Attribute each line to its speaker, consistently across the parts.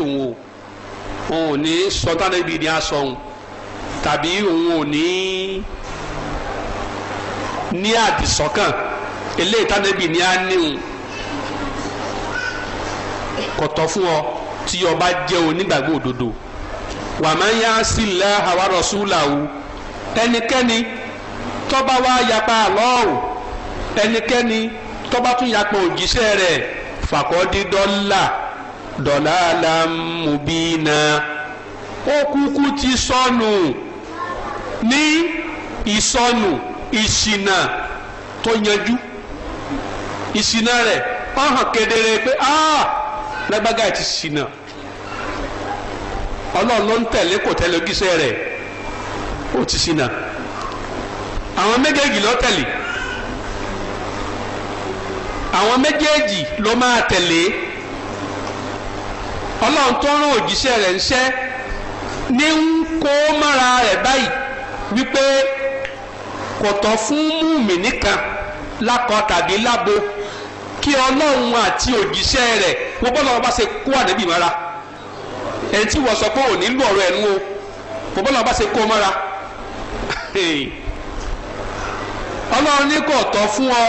Speaker 1: tòun o òun ò ní sọtánà ibi ní asọ̀hún tàbí òun ò ní ní àdìsọ́kàn eléyìí tánẹ́bì ní á níhun kò tọ́ fún ọ tí o bá jẹ́ onígbàgbọ́ òdodo wà máa ń sí ilẹ̀ àwárọ̀ súlàwù ẹnikẹ́ni tó wá yapa àlọ́ọ̀hún ẹnikẹ́ni tó tún yapa òjíṣẹ́ rẹ̀ fàkọ́dídọ́là dọ̀láàlà mùbínà ó kúkú ti sọnù ní ìsọnù ìṣìnà tó yanjú ìṣìnà rẹ̀ ó hàn kedere pé ah lágbága ti ṣìnà ọlọ́run ló ń tẹ̀lé kò tẹ̀lé ojúṣe rẹ̀ ó ti ṣìnà àwọn méjèèjì ló tẹ̀lé àwọn méjèèjì ló máa tẹ̀lé. ọlọ́run tó rán òjíṣẹ́ rẹ̀ ńṣẹ́ ní ń kó mára rẹ̀ báyìí wípé kò tọ́ fún múmi nìkan lákọ tàbí lábo kí ọlọ́run àti òjíṣẹ́ rẹ̀ wọ́n bọ́lá wọn bá ṣe kó ànábì mọ́ra ẹni tí wọ́n sọ pé ò ní lù ọ̀rọ̀ ẹ̀nu o wọ́n bọ́lá wọn bá ṣe kó mọ́ra ọlọ́run ní kò tọ́ fún ọ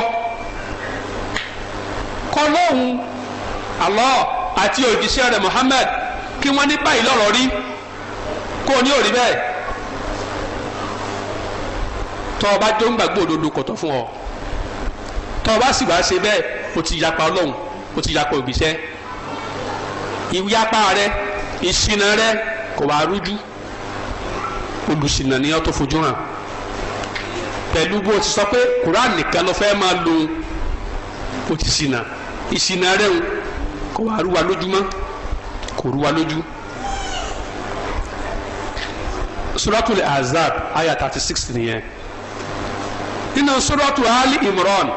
Speaker 1: kọlọ́hún Allah àti òjíṣẹ́ rẹ̀ Muhammad kí wọ́n ní báyìí lọ́rọ̀ rí kó o ní òrí bẹ́ẹ̀ tọ́ ọ bá jó ń gbàgbọ́ òdodo kọ̀tọ̀ fún ọ tọ́ ọ bá sì wá ṣe bẹ́ẹ̀ o ti yapa Ọlọ́run o ti yapa òjíṣẹ́ ìyapa rẹ ìṣìnà rẹ kò wá rújú olùṣìnà ni ọ́ tó fojú hàn pẹ̀lú bó o ti sọ pé Quran nìkan ló fẹ́ máa lo o ti ṣìnà ìṣìnà rẹ o kó wá rúwa lójú mọ́ kò rúwa lójú. suratul azab aya thirty six nìyẹn nínú suratul ali imran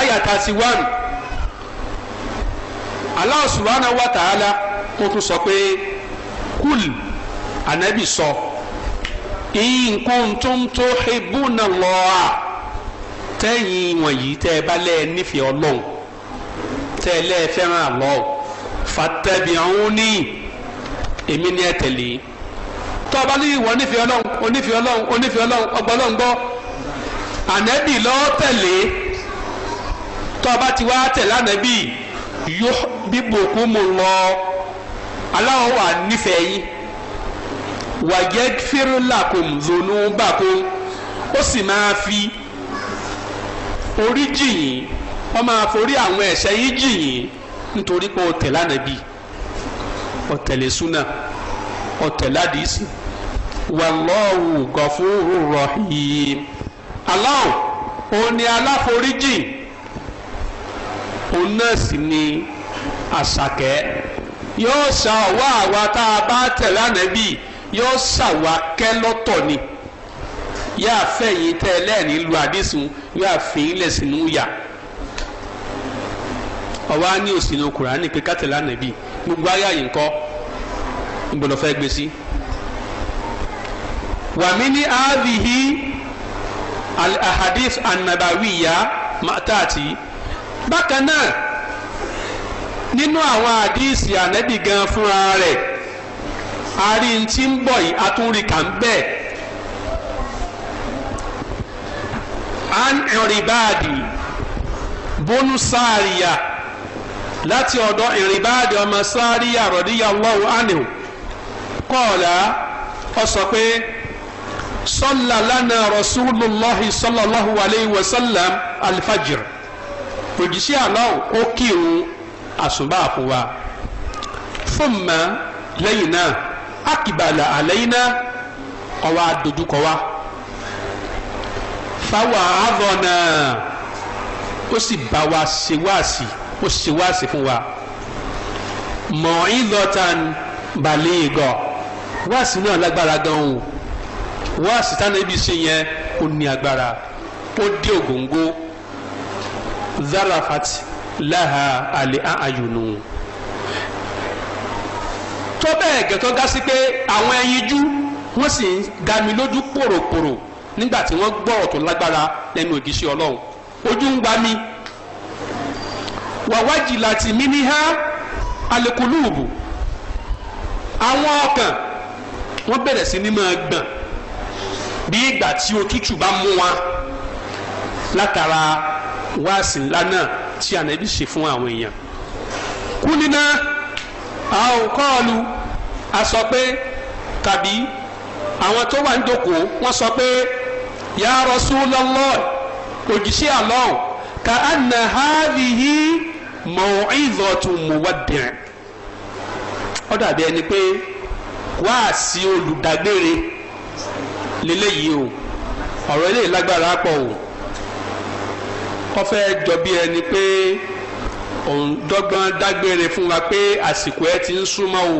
Speaker 1: aya thirty one Allah subhanahu wa ta'ala kó tún sọ pé kúl ànábì sọ in kuntum tuhibbuna Allah tẹ́yìn wọ̀nyí tẹ́ ẹ bá lẹ́ẹ̀ nífẹ̀ẹ́ ọlọ́run tẹ́lẹ̀ fẹ́ràn àlọ́ fattabi'uni èmi ni ẹ tẹ̀lé tọ́ ọba ní ìwọ onífẹ́ ọlọ́run onífẹ́ ọlọ́run onífẹ́ ọlọ́run ọgbọ́n ọlọ́run gbọ́ ànẹ́bì lọ́ọ́ tẹ̀lé tọ́ ti wá tẹ̀lé ànẹ́bì yóò bíbòkú mu lọ aláwọ̀ wà nífẹ̀ẹ́ yín wàyẹ fírúlàkùn zonúbàkùn ó sì máa fi orí jìyìn ọ máa forí àwọn ẹ̀ṣẹ̀ yìí jì nítorí pé ó tẹ̀lé ànábì súnà ó tẹ̀lé àdìsí wallahu ghafurur rahim òun ni aláforíjì òun náà sì ni àṣàkẹ́ yóò ọwọ́ àwa tá a bá yóò ṣàwà kẹ́ lọ́tọ̀ ni tẹ́ ẹ lẹ́ẹ̀ni ọwọ́ á ní òsínú kùránì pé kátìlá nàbì gbogbo ayé àyè ńkọ́ gbọ́dọ̀ fẹ́ gbé sí. wàmí ní ààbìhí alhadith annabawiya mataati bákan náà nínú àwọn àdíìsì ànẹ́bì gan fúnra rẹ̀ àrí tí ń bọ̀ yìí atúnrikà ń bẹ́ẹ̀. an ìrìbáàdì bónú láti ọ̀dọ̀ ìrìbáàdì ọmọ sáárì radiyallahu anhu kọ́ọ̀lá ó sọ pé salla lana rasulullahi sallallahu alayhi wa sallam alfajir òjíṣẹ́ Allah ó kírun àsùnbà fún wa thumma lẹ́yìn náà akibala alayna ó wá dojúkọ wa fáwọn àádọ́ náà ó sì bá wa ṣe wáàsì. Si ó sì wá sí fún wa mọ mọ̀ọ́ìlọ́tàn balẹ̀ ìgọ̀ wá sí náà lágbára gan o wá sí tánà ibi sí yẹn ó ní agbára ó dé ògóńgó zarafat láha àlè àyùnú tó bẹ́ẹ̀ gẹ̀tọ́ gá sí pé àwọn ẹyinjú wọ́n sì ń gami lójú pòròpòrò nígbà tí wọ́n gbọ́ ọ̀tún lágbára lẹ́nu ògìṣẹ́ ọlọ́run ojú ń gba mi. wàwájìláti mímíhá alikulubu àwọn ọkàn wọ́n bẹ̀rẹ̀ sí ní máa gbọ̀n bí ìgbà tí òtútù bá mú wa látara wáàsí ńlá náà tí ànábì ṣe fún àwọn èèyàn kúnlínà àwọn kọ́ọ̀lù a sọ pé tàbí àwọn tó wà ń dòkó wọ́n sọ pé ya Rasulullah òjíṣẹ́ àlọ́ ka anna hadhihi mọ̀ọ́ìzọ́tù mọ̀wádìrín ó dàbí ẹni pé wáàsí olùdágbére lélẹ́yìí o ọ̀rọ̀ eléyìí lágbára pọ̀ o ó fẹ́ jọ bí ẹni pé òun dọ́gbọ́n dágbére fún wa pé àsìkò ẹ ti ń súnmọ́ o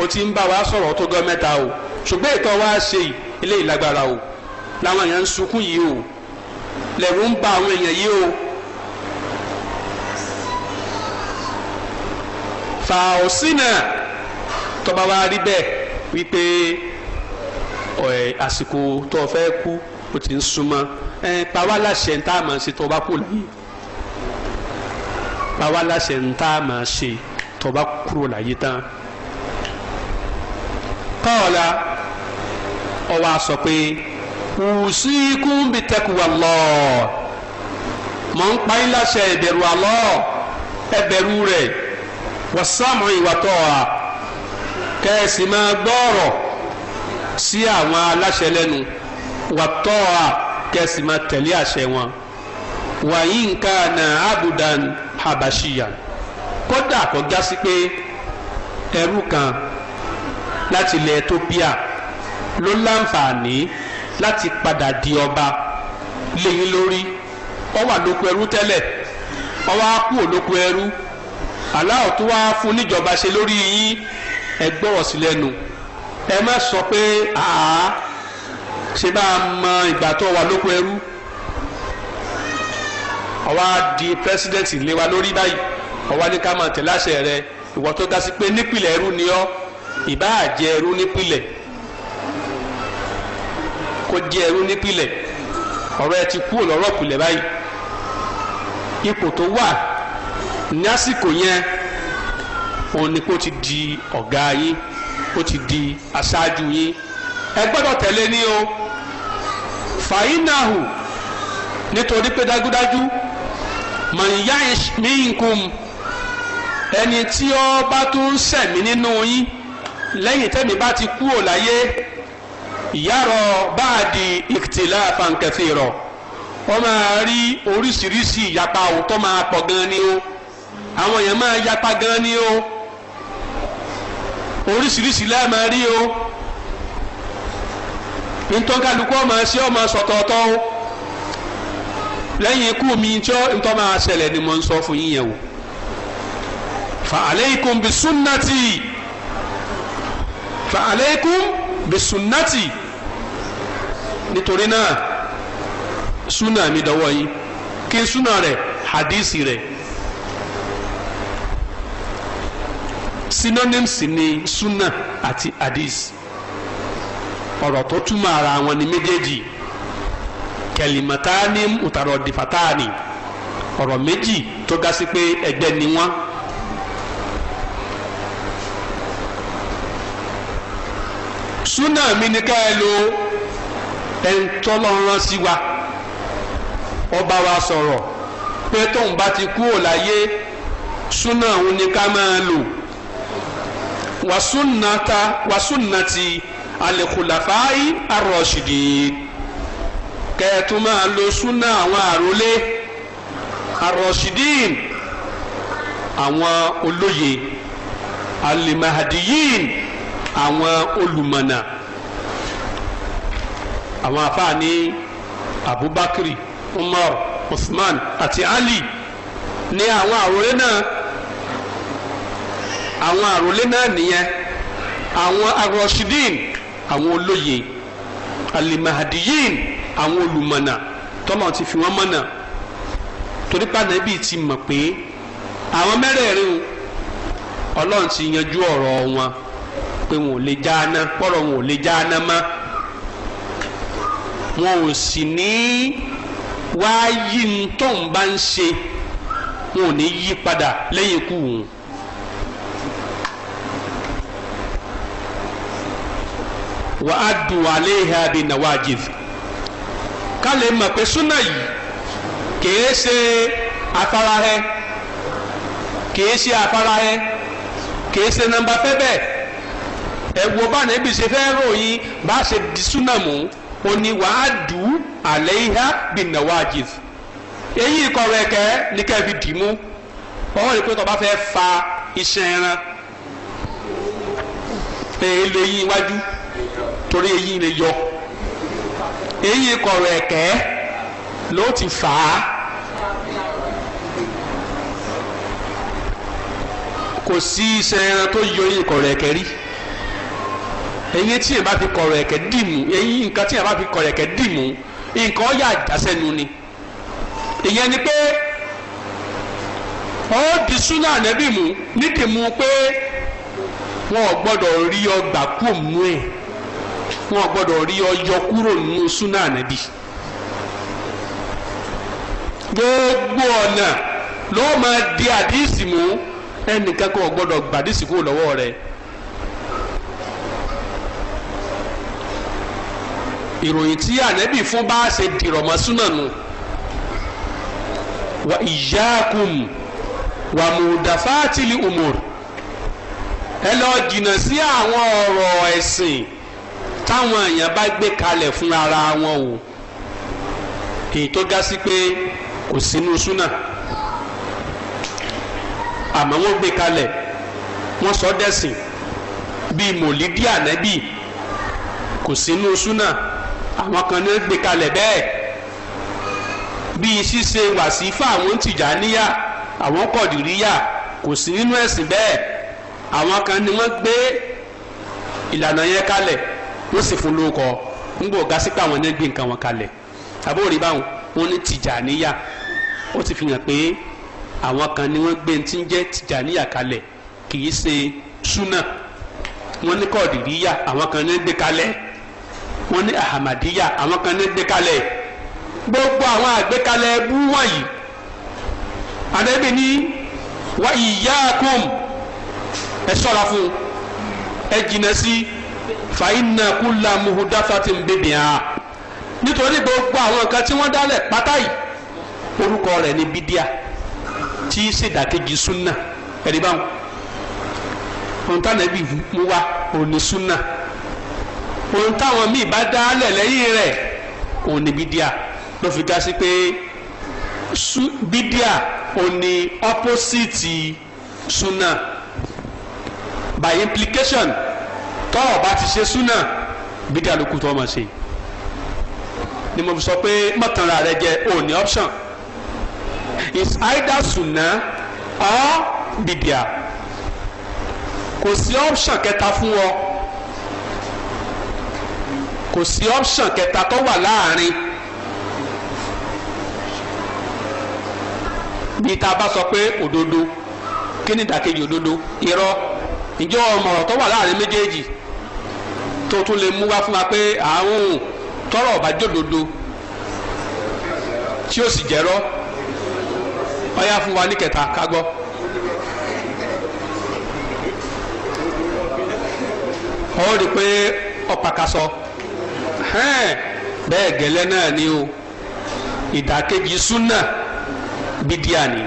Speaker 1: o ti ń bá wa sọ̀rọ̀ tó gọ́ mẹ́ta o ṣùgbọ́n ìtọ́ wa ṣe eléyìí lágbára o làwọn èèyàn ń sunkún yìí o lẹ́rù ń ba àwọn èèyàn yìí o. fàásínà tọ́ba wa rí bẹ́ẹ̀ wípé àsìkò tó o fẹ́ kú o ti ń súnmọ́ pàwá láṣẹ tá a máa ṣe tó o bá kú láyé pàwá láṣẹ tá a ṣe tó o bá kúrò láyé tán. kọ́ọ̀la ọwọ́ a sọ pé usikum bi taqwallah mọ̀ ń pa yín ìbẹ̀rù Allah ẹ rẹ̀ wàsámù ìwàtọ́ a kẹ́ẹ̀sì máa gbọ́ọ̀rọ̀ sí àwọn aláṣẹ lẹ́nu wàtọ́ a kẹ́ẹ̀sì máa tẹ̀lé àṣẹ wọn wàyí nǹkan na abudan habashiya kódà kó já sí pé ẹrú kan láti ilẹ̀ Ethiopia ló láǹfààní láti padà di ọba lẹ́yìn lórí ó wà lóko ẹrú tẹ́lẹ̀ ó wá kú òlóko ẹrú aláwọ̀ tó wá fún níjọba ṣe lórí yín ẹ gbọ́rọ̀ ẹ má sọ pé àá ṣe bá a mọ ìgbà tó wà lóko ẹrú ọwọ́ di pẹ́sidẹ́ǹtì lé wa lórí báyìí ọwọ́ ní ká máa tẹ̀lé àṣẹ rẹ ìwọ tó ga sí pé nípìnlẹ̀ ẹrú ni ọ́ ìbáà jẹ́ ẹrú nípìnlẹ̀ kó jẹ́ ẹrú nípìnlẹ̀ ọ̀rọ̀ ẹ ti kúrò lọ́rọ̀ kùlẹ̀ báyìí ipò tó wà ní àsìkò yẹn òun ni kó ti di ọ̀gá yín ó ti di aṣáájú yín ẹ gbọ́dọ̀ tẹ̀lé ní o fàyínàhù nítorí pé dájúdájú mọ̀nyá ìṣmínkùn ẹni tí ó bá tún ń sẹ̀mí nínú yín lẹ́yìn tẹ́mi bá ti kúrò láyé ìyárọ̀ báàdì ìkìtìlá pàǹkẹ́fì rọ̀ wọ́n máa rí oríṣiríṣi ìyapa òótọ́ máa pọ̀ gan ni o àwọn èèyàn máa yapa gan ni o oríṣiríṣi lẹ́ẹ̀ máa rí o ntọ́kálukú ọmọ ẹsẹ̀ ọmọ sọ̀tọ̀ọ̀tọ̀ o lẹ́yìn ikú mi tí ntọ́ máa ṣẹlẹ̀ ni mo ń sọ fún yín yẹn o fa aleikum bi sunnati fa aleikum bi sunnati nítorí náà sunna mi dọwọ́ yín kí n sunna hadisi rẹ̀. synonyms ni sunna àti hadith ọ̀rọ̀ tó túmọ̀ ara wọn ni méjèèjì kẹlìmọ̀tání mùtàrọ̀dìfàtáàní ọ̀rọ̀ méjì tó ga sí pé ẹgbẹ́ ni wọ́n. súnà mi ni ká ẹ lo ẹ̀ńtọ́lọ́rán sí wa ọba wa sọ̀rọ̀ pé tóun bá ti kú ò láyé súnà òun ni ká máa lò wasunnata wasunnati alikulafai arọṣidi kẹẹtù máa lo súnà àwọn àrólé arọṣidi àwọn olóye alimahadiyin àwọn olùmọ̀nà àwọn afáàní abubakar umar usman àti ali ní àwọn àrólé náà. àwọn àròlé náà nìyẹn àwọn arọṣidin àwọn olóye alimahadiyin àwọn olùmọ̀nà tọ́lọ̀ ti fi wọ́n mọ̀nà torí pàdé bíi ti mọ̀ pé àwọn mẹ́rẹ̀ẹ̀rin ọlọ́run ti yanjú ọ̀rọ̀ wọn pé wọn ò lè jáná pọ̀rọ̀ wọn ò lè jáná mọ́ wọn ò sì ní wáá yí ní tóun bá ń ṣe wọn ò ní yí padà lẹ́yìn wọn wa-adụ wa ihe a bi na wa adze zụ ka leemapɛ sụnụ alị ka esi afalaghị ka esi afalaghị ka ese na mbafee bɛ ebwoba na ebizifu ebe oyi ba se di sụnụ amụ o ni wa adụ wa ihe a bi na wa adze zụ eyi kọrọ ịka ị nị ka ị bi du mụ ọ rịkọta ọ bafọ ịfa ị sịara ị leeyi iwaju. torí eyín le yọ eyín kọrọ ẹkẹ ló ti fà á kò sí iṣẹ́ ẹran tó yọ eyín kọrọ ẹkẹ rí eyín tí yẹn bá fi kọ̀rọ̀ ẹ̀kẹ́ dìmú eyín nǹkan tí yẹn bá fi kọ̀rọ̀ ẹ̀kẹ́ dìmú nǹkan ọ̀yà àjàsẹ́nu ni ìyẹn ni pé ó di súnà nẹ́bí mu ní tèmú pé wọn ò gbọdọ rí ọgbà kú mú ẹ̀. wọn gbọ́dọ̀ rí ọyọ kúrò nínú súnà ànábì gbogbo ọ̀nà ló máa di àdísì mú ẹnìkan kan gbọ́dọ̀ gbàdísì kúrò lọ́wọ́ rẹ̀ ìròyìn tí ànábì fún bá ṣe dìrọ̀mọ́ súnà nù wa ìyáàkùn wa mùdàfáàtìlì umur ẹ lọ jìnnà sí àwọn ọ̀rọ̀ ẹ̀sìn táwọn èèyàn bá gbé kalẹ̀ fún ara wọn o èyí tó ga sí pé kò sínú súnà àmọ́ wọ́n gbé kalẹ̀ wọ́n sọ dẹ̀sìn bíi mòlídìí ànẹ́bì kò sínú súnà àwọn kan náà gbé kalẹ̀ bẹ́ẹ̀ bíi ṣíṣe wàsífà àwọn tìjàníyà àwọn kọ̀dìríyà kò sí nínú ẹ̀sìn bẹ́ẹ̀ àwọn kan ni wọ́n gbé ìlànà yẹn kalẹ̀ wọ́n sì fún lóko ńgbò gásípà àwọn ẹni gbé nǹkan wọn kalẹ̀ àbúrò rí báwọn wọn ní níyà ó ti fi hàn pé àwọn kan ni wọ́n gbé tí ń tìjà níyà kalẹ̀ kì í ṣe súnà wọn ní àwọn kan ní gbé kalẹ̀ ní kan ní gbé kalẹ̀ gbogbo àwọn àgbékalẹ̀ wọ̀nyí fàyínà kúlà muhudathatin bid'ah nítorí gbogbo àwọn nǹkan tí wọ́n dálẹ̀ pátá yìí orúkọ rẹ̀ ní bídíà tí í ṣèdàkejì súnà ẹ̀rí báwọn ohun tánàbí mú wá òun ní súnà ohun táwọn míì bá dálẹ̀ lẹ́yìn rẹ̀ òun ní bídíà ló fi ga sí pé bídíà òun ní ọ́pọ́sìtì súnà by implication tọ́ ọ bá ti ṣe súnà bídíà ló kù tó máa ṣe ni mo sọ pé mọ̀tànra rẹ jẹ́ òní option is either sunna or bídíà kò sí option kẹta fún ọ kò sí option kẹta tó wà láàrin bí tá bá sọ pé òdodo kí ni ìdàkejì òdodo irọ́ ǹjẹ́ ọmọ ọ̀rọ̀ tó wà láàrin méjèèjì tó tún lè mú wá fún wa pé àrùn tọrọ ọba jòdodo tí ó sì jẹrọ ọyá fún wa ní kẹta ká gbọ́. ọ rí i pé ọ̀pàkàsọ bẹ́ẹ̀ gẹ́lẹ́ náà ni o ìdàkejì súnà bídíà ni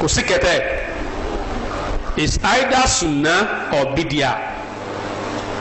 Speaker 1: kò sí kẹtẹ is either sunna or bidia.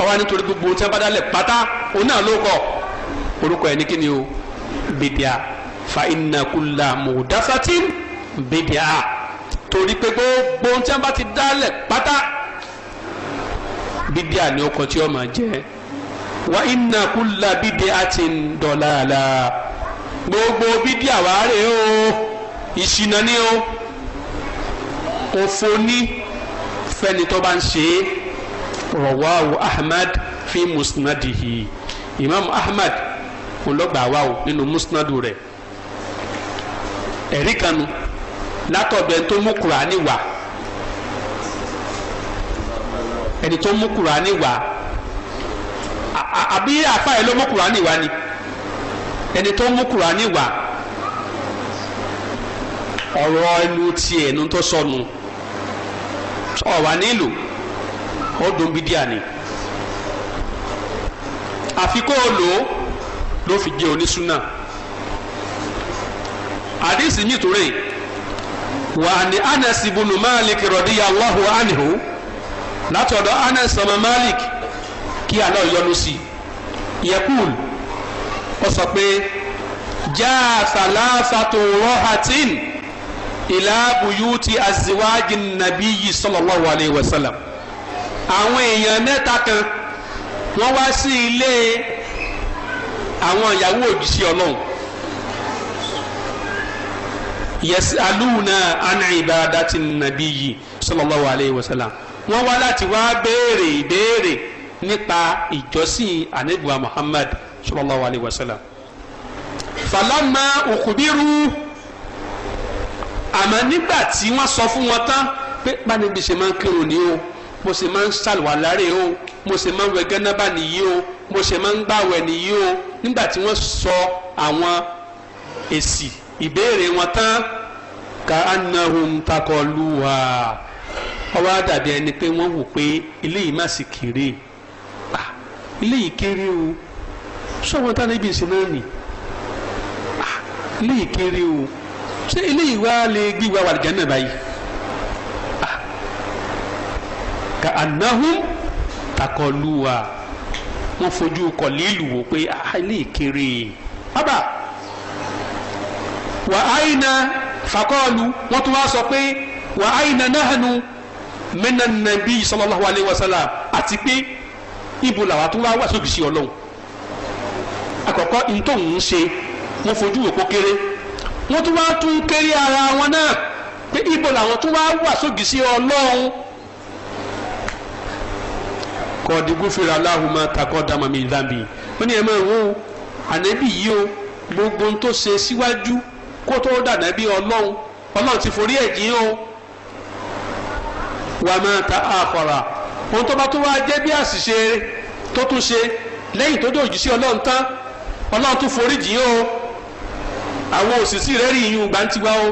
Speaker 1: ọwọ nítorí gbogbo tí wọn bá dálẹ pátá òun náà orúkọ ẹ ní kíni o bìdíà fa ìnàkúlà mọ̀dáfàtì bìdíà torí pé gbogbo tí wọn bá ti dálẹ pátá bìdíà ni ọkọ tí ó máa jẹ wa ìnàkúlà bìdíà ti ń dọ̀là la gbogbo bìdíà wàá rè o ìṣìnà ni o òfò ní fẹ́ni tó bá ń ṣe é rawahu ahmad fi musnadihi imam ahmad ńlọgbàwá o nínú musnadu rẹ̀ ẹ̀rí kanu látọ̀dọ̀ ẹni tó mú kùránì wá ẹni tó mú kùránì wá àbí àfa ẹ̀ ló mú kùránì wá ni ẹni tó mú kùránì wá ọ̀rọ̀ ẹnu tiẹ̀ ẹnu tó sọnù ọ̀wà nílò ó dùn bí díà ni àfi kó o lò ó ló fi jẹ́ onísúnà àdìsí mi tó rè wà ní Anas ibn Malik radiyallahu anhu látọ̀dọ̀ Anas ọmọ Malik kí àná yọ́nú sí yẹkùl ó sọ pé jaa thalathatu rohatin ila buyuti azziwajin nabiyyi sallallahu alayhi wa sallam àwọn èèyàn mẹ́ta kan wọ́n wá sí ilé àwọn ìyàwó òjíṣẹ́ ọlọ́run yasaluna ana ibadati nabiyyi sallallahu alayhi wa sallam wọ́n wá láti wá béèrè ìbéèrè nípa ìjọsìn anabiwa muhammad sallallahu alayhi wa sallam falama okubiru àmọ́ nígbà tí wọ́n sọ fún wọn tán pé báni bí ṣe máa ń kírun ni o mo sì máa ń ṣàlùwàlá rè o mo sì máa ń wẹ gẹ́nàbà nìyí o mo sì máa ń gbàwẹ̀ nìyí o nígbà tí wọ́n sọ àwọn èsì ìbéèrè wọn tán ka anahum takọluwa ọwọ́ àdàbí ẹni pé wọ́n wò pé eléyìí má sì kéré eléyìí kéré o sọ́wọ́n tá níbi ìsìn náà nì eléyìí kéré o ṣé eléyìí wá lè gbígbà wàlìjẹ́ náà báyìí. ka anahum takọluwa wọ́n fojú kọ̀lílù wò pé ah, ilé ìkéré bàbá wà áyìnà fakọ́ọ̀lù wọ́n tún wá sọ pé wà áyìnà nahanu mẹ́nà nàbí sallallahu alayhi wa sallam àti pé ibo làwọn tó wá wà sóbì sí ọlọ́run àkọ́kọ́ ntòun ṣe wọ́n fojú òpó kéré wọ́n tún wá tún kéré ara wọn náà pé ibo làwọn tó wá wà sóbì sí ọlọ́run kọ̀ọ̀dìgúfèrè aláhùnmá takọ́ dàmàmì ìdàmì ó ní ẹ̀ máa wò ó ànábì yìí o gbogbo tó ṣe síwájú kó tó dànábì ọlọ́run ọlọ́run ti forí ẹ̀ jìn o wà máa ta àkọ́ra ohun tó bá tó wáá jẹ́ bí àṣìṣe tó tún ṣe lẹ́yìn tó dé òjíṣẹ́ ọlọ́run tán ọlọ́run tún forí jìn o àwọn òṣìṣì rẹ̀ rí iyùn gbàǹtigbà o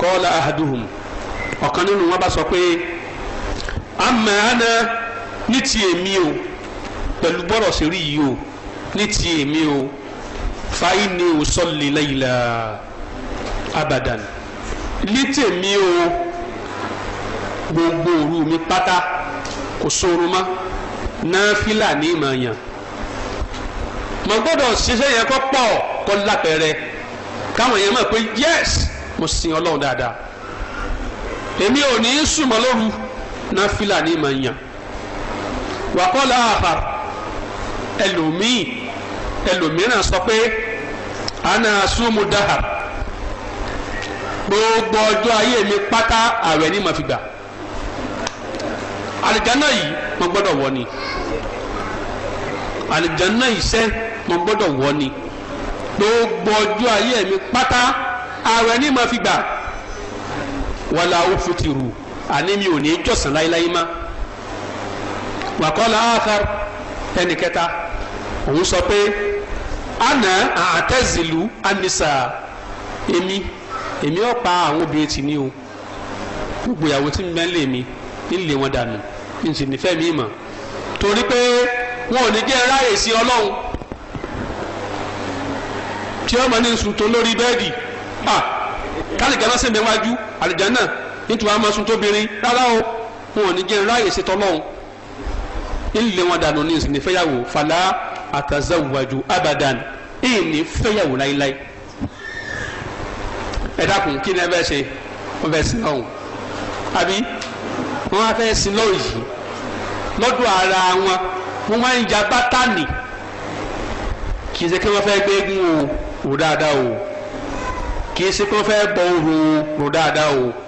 Speaker 1: kọ́ọ́lá ahaduhum ọ̀kan nínú wọn bá sọ pé àmọ́ àná ní ti èmi o pẹ̀lú bọ́rọ̀ sí rí yìí o ní ti èmi o fàáyí ni o sọ́ọ̀lì láyìlá abadan ní tèmi o gbogbo òru mi pátá kò sóorun mọ́ náfìlà ní ìmọ̀ọ́yàn mo gbọ́dọ̀ ṣiṣẹ́ yẹn kó pọ̀ kó lápẹẹrẹ káwọn yẹn mọ̀ pé yes mo sin ọlọ́run dáadáa èmi ò ní í sùn mọ́ lóru. Nafila ni ìmọ̀ yàn wàkọ́lá àfà ẹlòmíì ẹlòmíràn sọ pé àna súnmù dáhà gbogbo ọjọ́ ayé mi pátá ààwẹ̀ ní màfìgbà àlìjáná yìí mo gbọ́dọ̀ wọ̀ ni àlìjáná iṣẹ́ mo gbọ́dọ̀ wọ̀ gbogbo ọjọ́ ayé mi pátá ààwẹ̀ ní màfìgbà wàlà ó fi ti rù àní mi ò ní jọ̀sán láéláé má wàkọ́lá áhàr ẹnì kẹta òun sọ pé àná àtẹ́zìlú ànísà èmi èmi ò pa àwọn obìnrin tì ní o gbogbo ìyàwó tí mi lè mi nílé wọn dànù n sì nífẹ̀ẹ́ mi mọ̀ torí pé wọn ò ní jẹ́ ráyè sí ọlọ́run tí ọmọ ní nsùn tó lórí bẹ́ẹ̀dì kálíkà náà sì mẹ́wájú àlùjá náà nítorí àwọn asun tóbìnrin rárá o wọn ò ní jẹ́ ráàyè ṣe tọ́lọ́hún ilé wọn dànù ní ìsìn ní fẹ́yàwó fàlà àtàzáwájú abadan èyí ní fẹ́yàwó láíláí ẹ dákun kí ni ẹ fẹ́ ṣe wọ́n fẹ́ sin lọ́hùn àbí wọ́n á fẹ́ sin lọ́hùn yìí lọ́dọ̀ ara wọn wọ́n wá ń ja bátànì kì í ṣe kí wọ́n fẹ́ gbégún o rò dáadáa o kì í ṣe kí wọ́n fẹ́ bọ òru o rò dáadáa o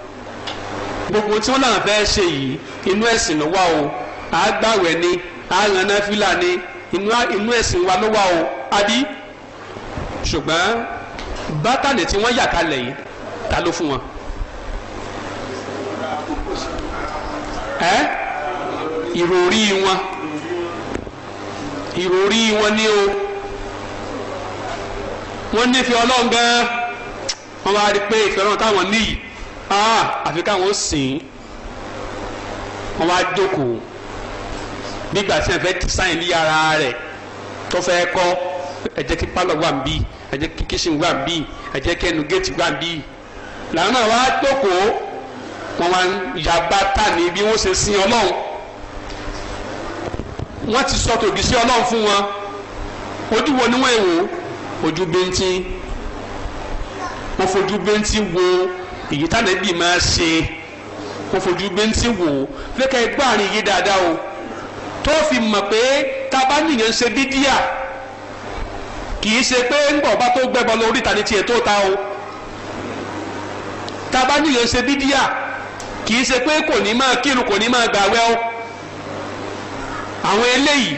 Speaker 1: gbogbo tí wọ́n làwọn fẹ́ẹ́ ṣe yìí inú ẹ̀sìn ló wà o àgbàwẹ̀ ni àrànà fìlà ni inú ẹ̀sìn wa ló wà o àbí ṣùgbọ́n bátànì tí wọ́n yà kalẹ̀ yìí ta ló fún wọn. ẹ ìròrí wọn ìròrí wọn ni o wọ́n nífẹ̀ẹ́ ọlọ́run gan-an wọ́n wá rí i pé ìfẹ́ táwọn níyì ah àfi káwọn ó sìn wọn wá jókòó nígbà tí wọn fẹ́ sáyìn ní ara rẹ̀ tó fẹ́ kọ́ ẹ jẹ́ kí pálọ̀ wà ń bí ẹ jẹ́ kí kíṣìn wà ń bí ẹ jẹ́ kí ẹnu géètì wà ń bí làwọn náà wá jókòó wọn wá yaba ta ní bí wọn ṣe sin Ọlọ́run wọn ti sọ tòdì sí Ọlọ́run fún wọn ojú wo ni wọn èwo ojú bẹntì wọn fojú bẹntì wo èyí táwọn ẹbí máa ṣe kó fojú bẹ́ńtì wò fẹ́kẹ́ gbáàrin yìí dáadáa o tó fi mọ̀ pé tábà nìyẹn ṣe bídíà kì í ṣe pé ńgbọ̀n bá tó gbẹ́bọ lórí ìtàn tiẹ̀ tó ta o tábà nìyẹn ṣe bídíà kì í ṣe pé kò ní máa kírun kò ní máa gbàwẹ́ o àwọn eléyìí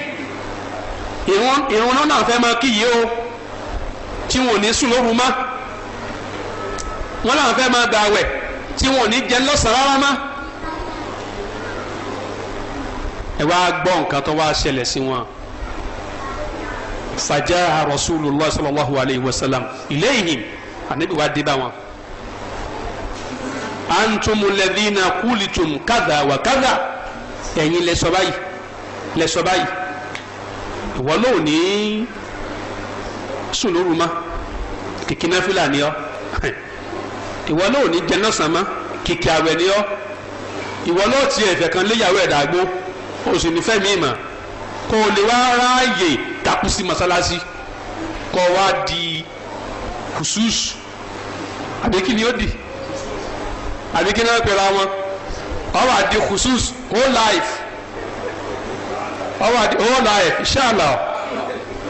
Speaker 1: ìrún náà fẹ́ máa kí o tí wọn ò ní sùn lóru mọ́ wọn làwọn fẹ́ máa gba àwẹ̀ tí wọn ò ní jẹ lọ́sàn-án rárá má. ẹ wá gbọ́ nǹkan tó wá ṣẹlẹ̀ sí wọn. fajaha rasulullah sallallahu alayhi wa sallam ilayhim anabi wa dé bá wọn. antum alladhina qulitum kadha wa kadha ẹ̀yin lẹ báyìí lẹ báyìí ìwọ ló ní sùn lóru mọ́ fúlàní ọ. ìwọ náà ò ní jẹ náà sàn mọ́ kìkì àwẹ̀ ni ọ́ ìwọ náà ti ẹ̀fẹ̀ kan léyàwó ẹ̀dá gbó oṣù nífẹ̀ mi mà kó o lè wá ráàyè takú sí mọ́sálásí kó wá di kùsùsù àbí ni ó di àbí kí ni wọ́n pera wọn ọ whole life ọ wà whole life inshallah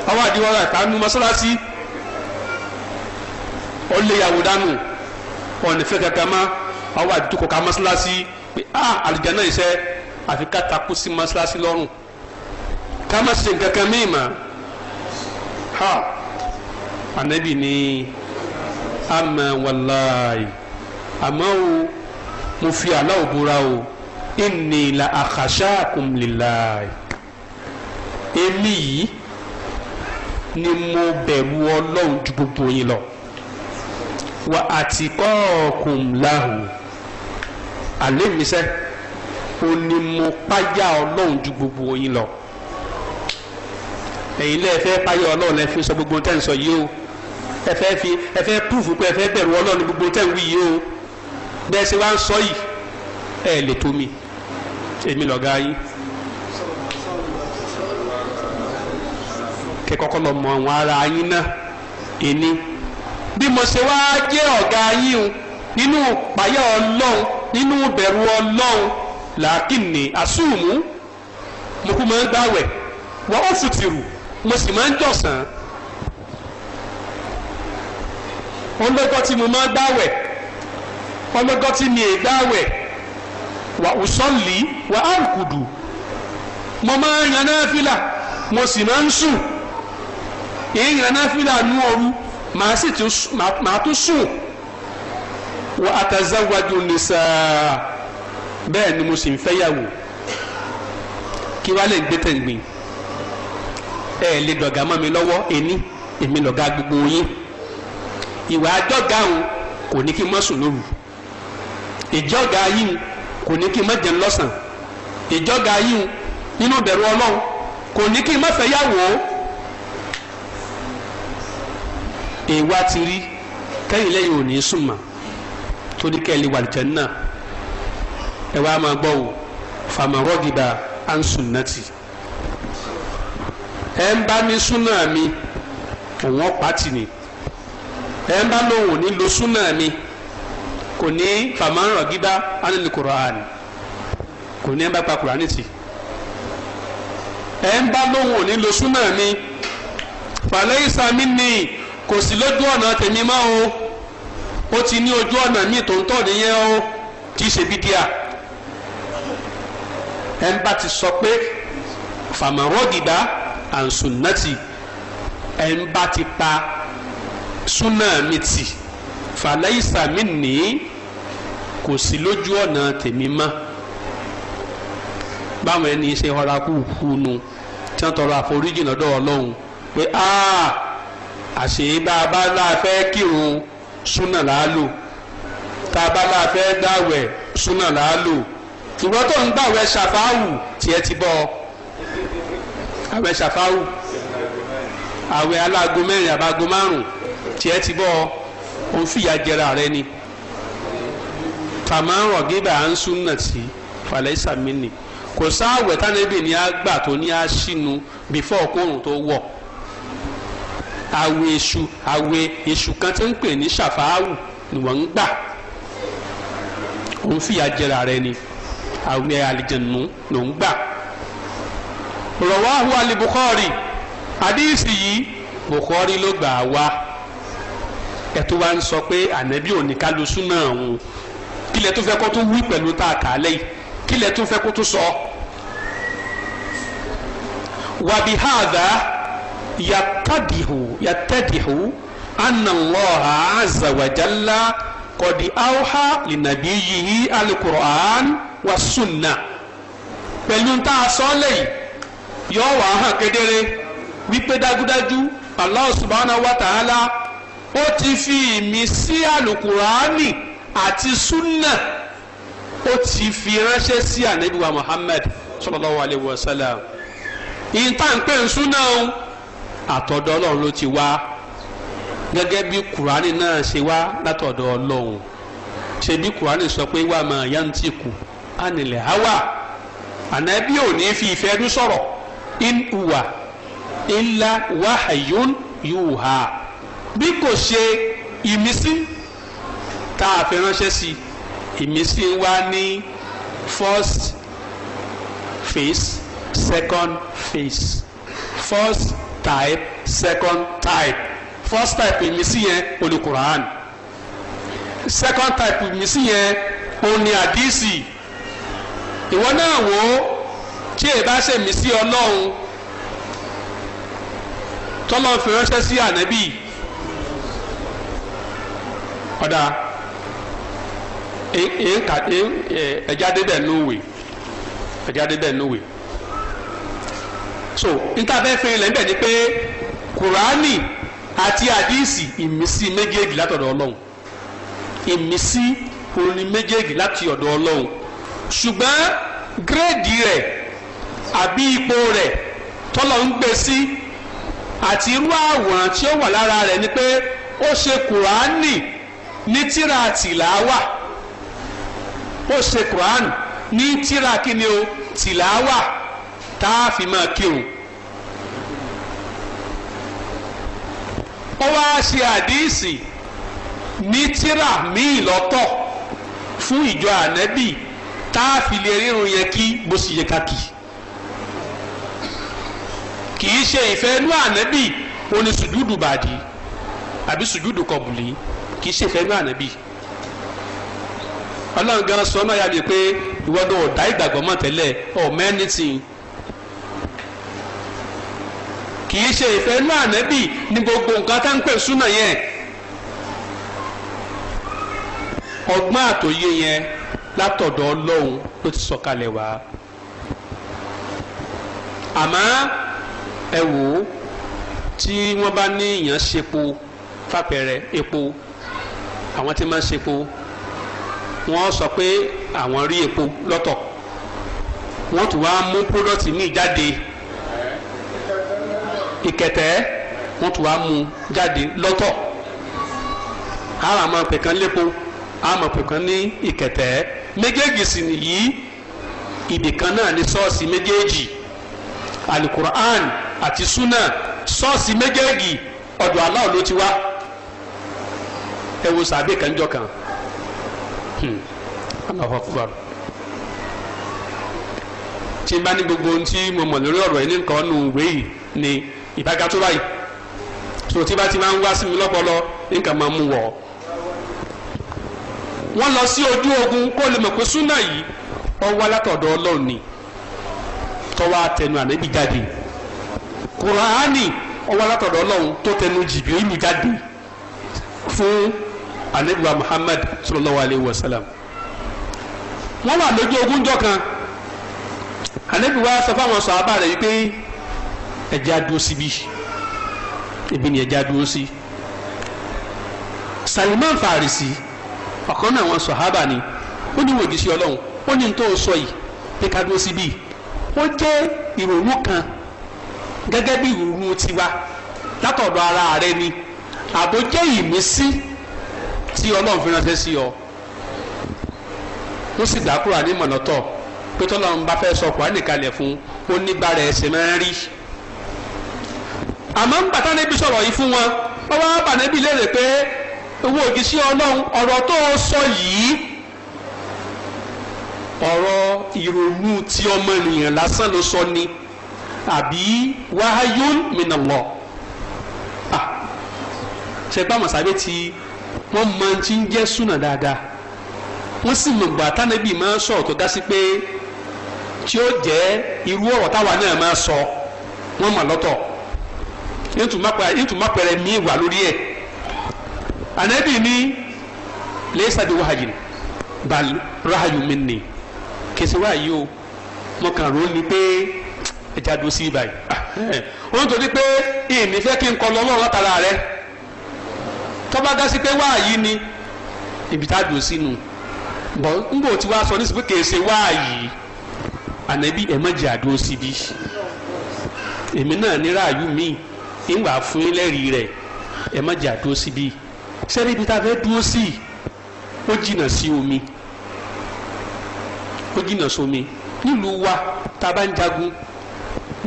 Speaker 1: ọ wà di whole life àánú mọ́sálásí ó léyàwó dánù wọn ní fẹ́ kankan mọ́ àwọn àdúgbò kan mọ́ṣáláṣí pé ah àlìjáná iṣẹ́ àfi ká takú sí mọ́ṣáláṣí lọ́rùn ká má ṣe kankan míì mọ́ ha anabi ni ama wàláì àmọ́ o mo fi aláwọ̀ búra o inni la akhashakum lillahi èmi yìí ni mo bẹ̀rù ọlọ́run ju gbogbo yín lọ wa àtìkọ́ọ̀kùn láhùn àlémisẹ́ ó ní mo páyà ọlọ́run ju gbogbo yín lọ ẹ̀yin lẹ́ẹ̀ fẹ́ páyà ọlọ́run lẹ́ẹ̀ fi sọ gbogbo tẹ́ ń sọ yìí o ẹ fẹ́ fi ẹ fẹ́ púùfù pé ẹ fẹ́ bẹ̀rù ọlọ́run gbogbo tẹ́ ń wí yìí o bẹ́ẹ̀ ṣe wá ń sọ yìí ẹ lè tó mi èmi lọ̀gá yín kẹ́kọ́kọ́ lọ mọ àwọn ara yín náà ẹni bí mo ṣe wá jẹ́ ọ̀gá yín nínú ìpáyà ọlọ́run nínú ìbẹ̀rù ọlọ́run làákìnì àsùnmù mo kú máa ń gbàwẹ̀ wọ́n ó fùtìrù mo sì máa ń jọ̀sán ọlọ́gọ́ tí mo máa ń gbàwẹ̀ ọlọ́gọ́ tí mi è gbàwẹ̀ wà ùsọ̀lì wà á kùdù mo máa ń yan náà fìlà mo sì máa ń sùn èèyàn náà fìlà nú ooru màá sì tún màá tún sùn wọ àtàzáwájú nìṣà bẹ́ẹ̀ ni mo sì ń fẹ́yàwó kí wàá lè gbé tẹ̀gbìn ẹ lè dọ̀gà mọ́ mi lọ́wọ́ ẹni èmi lọ̀gá gbogbo yín ìwà àjọ̀gá òun kò ní kí n má sùn lóru ìjọ̀gá yìí kò ní kí n má jẹun lọ́sàn ìjọ̀gá yìí nínú bẹ̀rù ọlọ́run kò ní kí n má fẹ́yàwó. èèwà ti rí kẹ́yìn lẹ́yìn ò ní sùnmọ́ torí kẹ́yìn lè wà lìjẹ́ náà ẹ wá máa gbọ́ wò fàmọ́rọ́gìbà ansunnati ẹ ń bá ní súnà mi òun ọ̀pátì ni ẹ ń bá lóhùn ní lo súnà mi kò ní fàmọ́rọ́gìbà anil Qur'an kò ní ẹ bá pa Qur'an tì ẹ ń bá ní lo súnà mi fàlẹ́ ìsàmì nìyí. kò sí lójú ọ̀nà tèmi mọ́ o ó ti ní ojú ọ̀nà míì tó ń tọ̀ nìyẹn o kì í ṣe bídíà ẹ̀ ń bá ti sọ pé fàmọ́rọ́gìdá àǹsùnàtì ẹ̀ ń bá ti pa súnà mi tì fàlẹ́yìísà mi nì í kò sí lójú ọ̀nà tèmi mọ́ báwọn ẹni ṣe ọ̀rá kú kú nu tí wọ́n tọrọ àforíjì lọ́dọ̀ ọlọ́run pé aaa àṣé bá a bá láà fẹ́ kírun súnà láàlò tá a bá láà fẹ́ gbàwẹ̀ súnà láàlò ìwọ́n tó ń gbàwẹ̀ ṣàfáwù tiẹ̀ ti bọ́ àwẹ̀ ṣàfáwù àwẹ̀ aláago mẹ́rin àbáago márùn tiẹ̀ ti bọ́ òun fìyà jẹra rẹ ni fàmáràn gébà à ń súnà tí falẹ̀ ìsàmì ni kò sáwẹ̀ tánẹ́bì ni a gbà tó ní a ṣínú bífọ̀ kóòrùn tó wọ̀. Awe èṣù awe èṣù kan tí ń pè ní ṣàfáàwù ni wọ́n ń gbà òun fìyà jẹra rẹ̀ ni àwẹ̀ àlìjẹ̀nù ló ń gbà. rọ̀wáhu alibukhari àdìsí yìí bukhari ló gbà wá ẹ̀ tó wá ń sọ pé ànábì òní náà òun kílẹ̀ tó fẹ́ kó tó wí pẹ̀lú tá a kà á lẹ́yìn kílẹ̀ tó fẹ́ kó tó sọ. wàbí hàdá. So yàtàdìhù yàtàdìhù anàlọ́ha azawajalla kọ̀dí awha lìnàbí yìí alukur'an wa sunna pẹ̀lú tá a sọ lẹ́yìn yọ wàá hàn kedere wípé dájúdájú Allah subhanahu wa ta'ala ó ti fi ìmísí alukur'ani àti sunna ó ti fi ránṣẹ́ sí ànábì Muhammad sallallahu alayhi wa sallam ìtàn pé ń súná o àtọ̀dọ̀ ọlọ́run ló ti wá gẹ́gẹ́ bí kùránì náà ṣe wá látọ̀dọ̀ ọlọ́run ṣe bí kùránì sọ pé wà máa yá ń tì kù á á wà ànábì ò ní fi ìfẹ́ ẹnu sọ̀rọ̀ in huwa illa wahayun yuha bí kò ṣe ìmísí tá a fi ránṣẹ́ sí ìmísí wa ní first phase second phase first type second type first type ìmísí yẹn oní Quran second type ìmísí yẹn oní àdìsí ìwọ náà wò ó tí èyí bá ṣe mí sí Ọlọ́run tọ́lọ́ fi ránṣẹ́ sí ànábì ọ̀dà ẹ̀ẹ́dẹ́gbẹ̀ núwèé ẹ̀ẹ́dẹ́gbẹ̀ núwèé so níta fẹ́ fi ilẹ̀ ńbẹ̀ ni pé kùránì àti àdíìsì ìmísí méjèèjì látọ̀dọ̀ ọlọ́run ìmísí orin méjèèjì láti ọ̀dọ̀ ọlọ́run ṣùgbọ́n gírèdì rẹ̀ àbí ipò rẹ̀ tọ́lọ̀ ń gbé sí àti irú àwòrán tí ó wà lára rẹ̀ ni pé ó ṣe kùránì ní tíra tìláwà ó ṣe kùránì ní tíra kíni o tìláwà tá a fi máa kírun. ó wá ṣe àdíìsì ní tírà míì lọ́tọ̀ fún ìjọ ànẹ́bì tá a fi lè rírun yẹn kí bó sì yẹ ká kì í kì í ṣe ìfẹ́ inú ànẹ́bì oní sùjúdù bàdí àbí sùjúdù kọ̀bùlì kì í ṣe ìfẹ́ inú ànẹ́bì ọlọ́run gan sọ náà yà mí pé ìwọ́dọ̀ ọ̀dà ìgbàgbọ́ mọ̀ tẹ́lẹ̀ ọ̀ mẹ́ni tì í kì í ṣe ìfẹ́ inú ànábì ní gbogbo nǹkan tá ń pè súnà yẹn ọgbọ́n àtòyé yẹn látọ̀dọ̀ ọlọ́run ló ti sọ̀kalẹ̀ wá àmọ́ ẹ wò ó tí wọ́n bá ní ìyàn ṣepo fàpẹ̀rẹ̀ epo àwọn tí máa ṣepo wọ́n sọ pé àwọn rí epo lọ́tọ̀ wọ́n tún wá mú púrọ́tì míì jáde. ikete! wọ́n tún wá mú jáde lọ́tọ̀ pekan lepo pè kan lépo àmọ́ pè si ní ìkẹtẹ́ méjèèjì sì nìyí kan náà ní sọ́ọ̀sì méjèèjì alukur'an àti sunna sọ́ọ̀sì méjèèjì ọ̀dọ̀ Allah ló ti wá ẹ wo sàbẹ̀ kanjọ kan hmm. Allahu Akbar tí n bá ní gbogbo ohun tí mo mọ̀ lórí ọ̀rọ̀ yìí ní nǹkan ọ̀nù ìwé ni. ìbága tó báyìí so tí bá ti máa ń wá sí mi lọ́pọlọ nǹkan máa mú wọ̀ wọ́n lọ sí ojú ogun kó lè mọ̀ pé súnà yìí ọwọ́ látọ̀dọ̀ ọlọ́run ni tọ́wọ́ àtẹnu ànábì jáde kùránì ọwọ́ látọ̀dọ̀ ọlọ́run tó tẹnu jìbìrìlù jáde fún ànábì wa Muhammad sallallahu alayhi wa sallam wọ́n wà lójú ogun jọ kan ànábì wa sọ fáwọn sọ abá rẹ̀ wípé ẹja dúró síbi ibi ni ẹja dúró si. Salman Farisi ọ̀kan náà wọn sọ̀hábà ni ó ní wòjì sí ọlọ́run ó ní tó sọ yìí pé ká dúró síbi ó jẹ́ ìrònú kan gẹ́gẹ́ bí ìrònú tiwa látọ̀dọ̀ ara rẹ ni àbò jẹ́ ìmísí tí ọlọ́run fi ránṣẹ́ sí ọ ó sì dá Kùránì mọ̀nà tọ̀ pé tọ́lọ́run bá fẹ́ sọ Kùránì kalẹ̀ fún ó ní bá rẹ̀ rí àmọ́ ń gbàtà níbi sọ̀rọ̀ yìí fún wọn wọ́n wá bà níbi léèrè pé owó òjíṣẹ́ ọlọ́run ọ̀rọ̀ tó sọ yìí ọ̀rọ̀ ìrònú tí ọmọ ènìyàn lásán ló sọ ni àbí wahayun minallah ṣẹpẹ́ àmọ̀sábẹ́ ti wọ́n mọ ti ń jẹ́ súnà dáadáa wọ́n sì mọ̀ gbà tánàbì máa ń sọ̀rọ̀ tó dá sí pé tí ó jẹ́ irú ọ̀rọ̀ táwa náà máa sọ wọ́n mọ̀ lọ́tọ̀ ìtumapẹ̀rẹ̀ mi wà lórí ẹ̀ anabi ni lẹ́sà bí wàhálì bal rahayu mi ni kèsì wáyé o mo kàn rò ni pe ẹja dúró sí ibà yìí ah, eh, ó ń torí pé ìní fẹ́ kí n kọ lọ́wọ́ látara rẹ tọ́ba dá sí pé wáyé ni ibi tá a dùn sínú bọ̀ ńgbò tí wàá sọ ní k'ese kèsì wáyé ànábì ẹ̀ má jẹ́ síbi èmi náà ní ráàyù míì. ìgbà fún ẹlẹ́rìí rẹ̀ ẹ má jà dúró síbí sẹ́ni ibi tá a fẹ́ dúró sí ó jìnnà sí omi ó jìnnà sí omi nílùú wa tá a bá ń jagun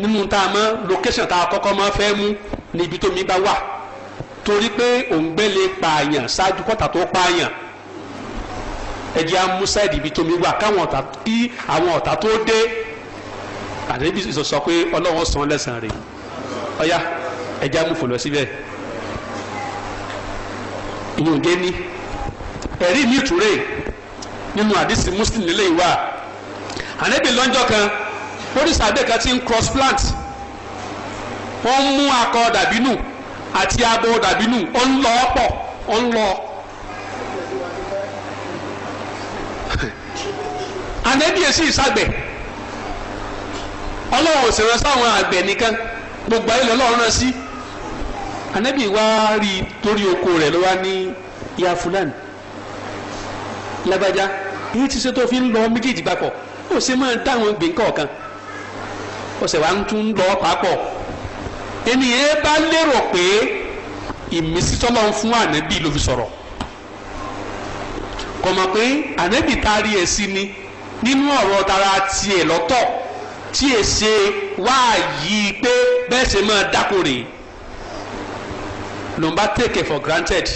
Speaker 1: nínú tá a mọ̀ location tá a kọ́kọ́ mọ̀ fẹ́ mú ní ibi tómi bá wà torí pé òǹgbẹ́ lè pààyàn ṣáájú kọ́tà tó pààyàn ẹ̀jẹ̀ amúsáìdì ibi tómi wà káwọn ọ̀tá kí àwọn ọ̀tá tó dé àdébí sọ pé ọlọ́wọ́ san lẹ́sàn-án rẹ̀ ọ̀ya ẹja mùfò lọ síbẹ̀ ìyóò dé ní ẹ̀rí mi túrẹ̀ nínú àdìsí muslim nílé ìwà ànẹ́bí lọ́jọ́ kan oríṣi àbẹ́ẹ̀kan ti ń cross plant wọ́n ń mú akọ dàbínú àti abo dàbínú ó ń lọ ọ̀pọ̀ ó ń lọ. ànẹ́bí èsì ìsàgbẹ̀ ọlọ́run ò sì rán sáwọn àgbẹ̀ nìkan gbogbo ayé lọ́lọ́run rán sí. Si anabi wa rí torí oko rẹ̀ ló wá ní ya fulani lágbájá èyí ti ṣe tó fi ń lọ méjèèjì papọ̀ ó ṣe máa ń táwọn gbẹ̀ǹkọ̀ kan ó ṣe wá ń tún lọ papọ̀ ènìyàn bá lérò pé ìmísítọ́lọ́ fún ànábì ló fi sọ̀rọ̀ kò mọ̀ pé ànábì taari ẹ̀ sí ni nínú ọ̀rọ̀ tara tiẹ̀ lọ́tọ̀ tí è ṣe wáàyí pé bẹ́ẹ̀ ṣe máa dákò ló ń take for granted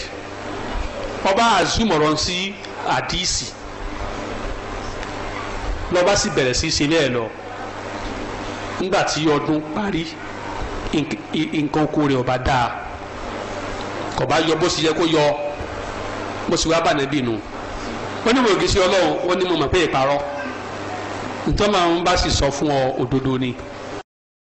Speaker 1: ọba azum ọ̀rọ̀ sí àdìsí lọ́ba si bẹ̀rẹ̀ sí í ṣe bẹ́ẹ̀ lọ nígbà tí ọdún parí nǹkan oko rẹ̀ ọba dáa kò yọ bó ṣe yẹ kó yọ bó ṣe wá bà níbí nu ó ní mo gé sí ọlọ́run ó ní mo mọ̀ pé ìparọ́ ntọ́ máa ń bá sì sọ fún ọ òdodo ni.